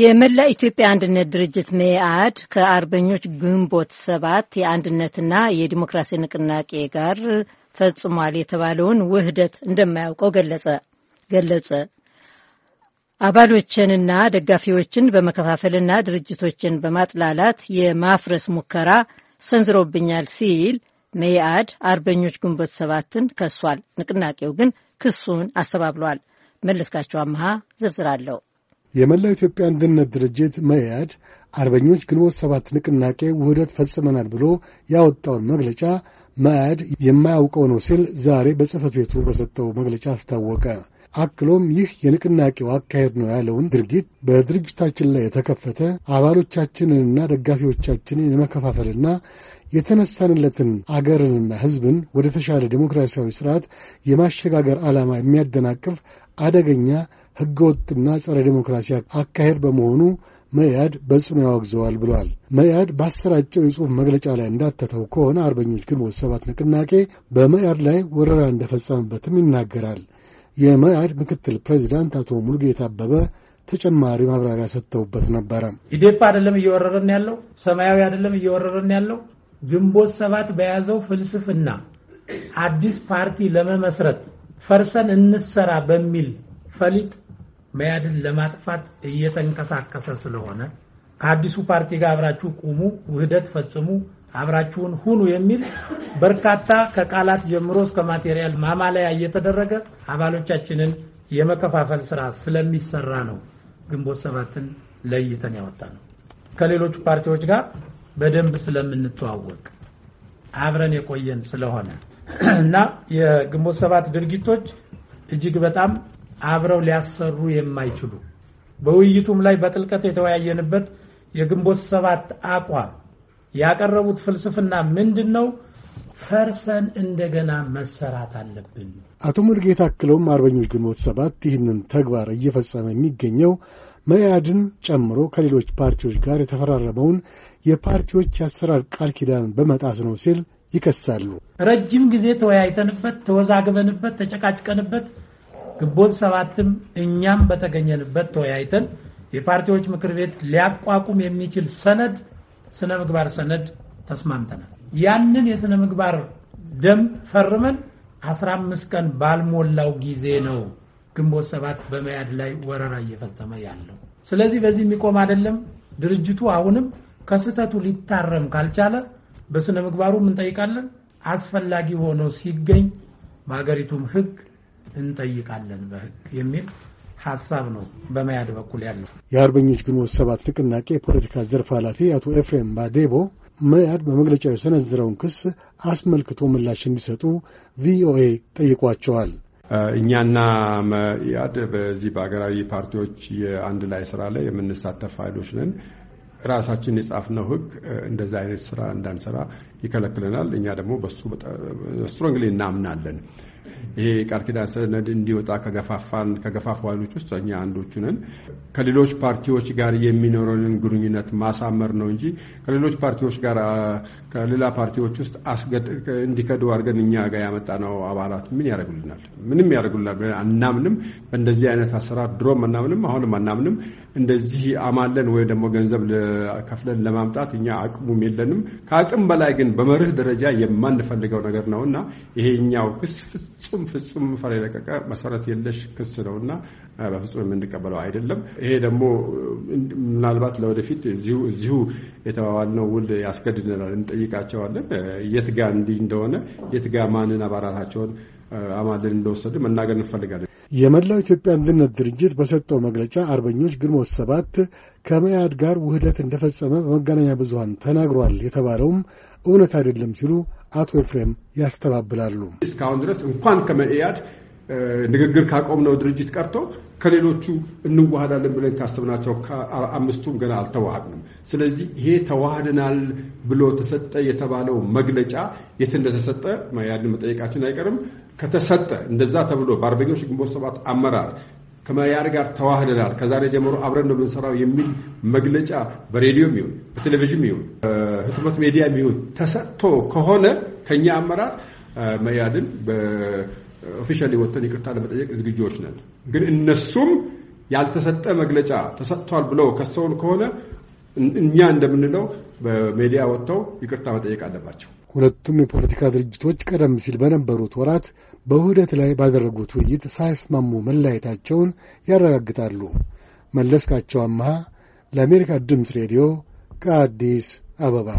የመላ ኢትዮጵያ አንድነት ድርጅት መኢአድ ከአርበኞች ግንቦት ሰባት የአንድነትና የዲሞክራሲ ንቅናቄ ጋር ፈጽሟል የተባለውን ውህደት እንደማያውቀው ገለጸ ገለጸ። አባሎችንና ደጋፊዎችን በመከፋፈልና ድርጅቶችን በማጥላላት የማፍረስ ሙከራ ሰንዝሮብኛል ሲል መኢአድ አርበኞች ግንቦት ሰባትን ከሷል። ንቅናቄው ግን ክሱን አስተባብሏል። መለስካቸው አመሃ ዝርዝር አለው። የመላው ኢትዮጵያ አንድነት ድርጅት መኢአድ አርበኞች ግንቦት ሰባት ንቅናቄ ውህደት ፈጽመናል ብሎ ያወጣውን መግለጫ መኢአድ የማያውቀው ነው ሲል ዛሬ በጽህፈት ቤቱ በሰጠው መግለጫ አስታወቀ። አክሎም ይህ የንቅናቄው አካሄድ ነው ያለውን ድርጊት በድርጅታችን ላይ የተከፈተ አባሎቻችንንና ደጋፊዎቻችንን የመከፋፈልና የተነሳንለትን አገርንና ሕዝብን ወደ ተሻለ ዴሞክራሲያዊ ስርዓት የማሸጋገር ዓላማ የሚያደናቅፍ አደገኛ ሕገወጥና ጸረ ዴሞክራሲ አካሄድ በመሆኑ መያድ በጽኑ ያወግዘዋል ብሏል። መያድ ባሰራጨው የጽሑፍ መግለጫ ላይ እንዳተተው ከሆነ አርበኞች ግንቦት ሰባት ንቅናቄ በመያድ ላይ ወረራ እንደፈጸመበትም ይናገራል። የመያድ ምክትል ፕሬዚዳንት አቶ ሙሉጌታ አበበ ተጨማሪ ማብራሪያ ሰጥተውበት ነበረ። ኢዴፓ አይደለም እየወረረን ያለው፣ ሰማያዊ አይደለም እየወረረን ያለው፣ ግንቦት ሰባት በያዘው ፍልስፍና አዲስ ፓርቲ ለመመስረት ፈርሰን እንሰራ በሚል ፈሊጥ መያድን ለማጥፋት እየተንቀሳቀሰ ስለሆነ ከአዲሱ ፓርቲ ጋር አብራችሁ ቁሙ፣ ውህደት ፈጽሙ፣ አብራችሁን ሁኑ የሚል በርካታ ከቃላት ጀምሮ እስከ ማቴሪያል ማማለያ እየተደረገ አባሎቻችንን የመከፋፈል ስራ ስለሚሰራ ነው ግንቦት ሰባትን ለይተን ያወጣ ነው። ከሌሎቹ ፓርቲዎች ጋር በደንብ ስለምንተዋወቅ አብረን የቆየን ስለሆነ እና የግንቦት ሰባት ድርጊቶች እጅግ በጣም አብረው ሊያሰሩ የማይችሉ በውይይቱም ላይ በጥልቀት የተወያየንበት የግንቦት ሰባት አቋም ያቀረቡት ፍልስፍና ምንድን ነው? ፈርሰን እንደገና መሰራት አለብን። አቶ ሙልጌታ አክለውም አርበኞች ግንቦት ሰባት ይህንን ተግባር እየፈጸመ የሚገኘው መያድን ጨምሮ ከሌሎች ፓርቲዎች ጋር የተፈራረመውን የፓርቲዎች የአሰራር ቃል ኪዳን በመጣስ ነው ሲል ይከሳሉ። ረጅም ጊዜ ተወያይተንበት፣ ተወዛግበንበት፣ ተጨቃጭቀንበት ግንቦት ሰባትም እኛም በተገኘንበት ተወያይተን የፓርቲዎች ምክር ቤት ሊያቋቁም የሚችል ሰነድ ስነ ምግባር ሰነድ ተስማምተናል። ያንን የስነ ምግባር ደንብ ፈርመን አስራ አምስት ቀን ባልሞላው ጊዜ ነው ግንቦት ሰባት በመያድ ላይ ወረራ እየፈጸመ ያለው። ስለዚህ በዚህ የሚቆም አይደለም። ድርጅቱ አሁንም ከስህተቱ ሊታረም ካልቻለ በስነ ምግባሩ እንጠይቃለን። አስፈላጊ ሆኖ ሲገኝ በሀገሪቱም ህግ እንጠይቃለን በህግ የሚል ሀሳብ ነው በመያድ በኩል ያለው። የአርበኞች ግንቦት ሰባት ንቅናቄ የፖለቲካ ዘርፍ ኃላፊ አቶ ኤፍሬም ባዴቦ መያድ በመግለጫው የሰነዝረውን ክስ አስመልክቶ ምላሽ እንዲሰጡ ቪኦኤ ጠይቋቸዋል። እኛና መኢአድ በዚህ በሀገራዊ ፓርቲዎች የአንድ ላይ ስራ ላይ የምንሳተፍ ኃይሎች ነን። ራሳችን የጻፍነው ህግ እንደዚ አይነት ስራ እንዳንሰራ ይከለክለናል። እኛ ደግሞ በሱ ስትሮንግሊ እናምናለን። ይሄ ቃል ኪዳን ሰነድ እንዲወጣ ከገፋፋን ከገፋፋ ኃይሎች ውስጥ እኛ አንዶቹ ነን። ከሌሎች ፓርቲዎች ጋር የሚኖረንን ግንኙነት ማሳመር ነው እንጂ ከሌሎች ፓርቲዎች ጋር ከሌላ ፓርቲዎች ውስጥ እንዲከዱ አድርገን እኛ ጋር ያመጣ ነው አባላት ምን ያደርጉልናል? ምንም ያደርጉልናል አናምንም። በእንደዚህ አይነት አሰራር ድሮም አናምንም፣ አሁንም አናምንም። እንደዚህ አማለን ወይ ደግሞ ገንዘብ ከፍለን ለማምጣት እኛ አቅሙም የለንም። ከአቅም በላይ ግን በመርህ ደረጃ የማንፈልገው ነገር ነው እና ይሄኛው ክስ ፍጹም ፍጹም ፈር የለቀቀ መሰረት የለሽ ክስ ነው እና በፍጹም የምንቀበለው አይደለም። ይሄ ደግሞ ምናልባት ለወደፊት እዚሁ የተባባልነው ውል ያስገድድናል እንጠይቃቸዋለን የትጋ እንዲህ እንደሆነ የትጋ ማንን አባራታቸውን አማድን እንደወሰድ መናገር እንፈልጋለን። የመላው ኢትዮጵያ አንድነት ድርጅት በሰጠው መግለጫ አርበኞች ግንቦት ሰባት ከመያድ ጋር ውህደት እንደፈጸመ በመገናኛ ብዙኃን ተናግሯል የተባለውም እውነት አይደለም ሲሉ አቶ ኤፍሬም ያስተባብላሉ። እስካሁን ድረስ እንኳን ከመኢአድ ንግግር ካቆምነው ድርጅት ቀርቶ ከሌሎቹ እንዋሃዳለን ብለን ካስብናቸው አምስቱም ገና አልተዋሃድንም። ስለዚህ ይሄ ተዋህደናል ብሎ ተሰጠ የተባለው መግለጫ የት እንደተሰጠ መያድን መጠየቃችን አይቀርም። ከተሰጠ እንደዛ ተብሎ በአርበኞች ግንቦት ሰባት አመራር ከመያድ ጋር ተዋህደናል፣ ከዛሬ ጀምሮ አብረን ነው የምንሰራው የሚል መግለጫ በሬዲዮም ይሁን በቴሌቪዥን ይሁን ህትመት ሚዲያም ይሁን ተሰጥቶ ከሆነ ከኛ አመራር መያድን በኦፊሻል ወጥተን ይቅርታ ለመጠየቅ ዝግጅዎች ነን። ግን እነሱም ያልተሰጠ መግለጫ ተሰጥቷል ብለው ከሰውን ከሆነ እኛ እንደምንለው በሜዲያ ወጥተው ይቅርታ መጠየቅ አለባቸው። ሁለቱም የፖለቲካ ድርጅቶች ቀደም ሲል በነበሩት ወራት በውህደት ላይ ባደረጉት ውይይት ሳይስማሙ መለያየታቸውን ያረጋግጣሉ። መለስካቸው አመሃ ለአሜሪካ ድምፅ ሬዲዮ ከአዲስ አበባ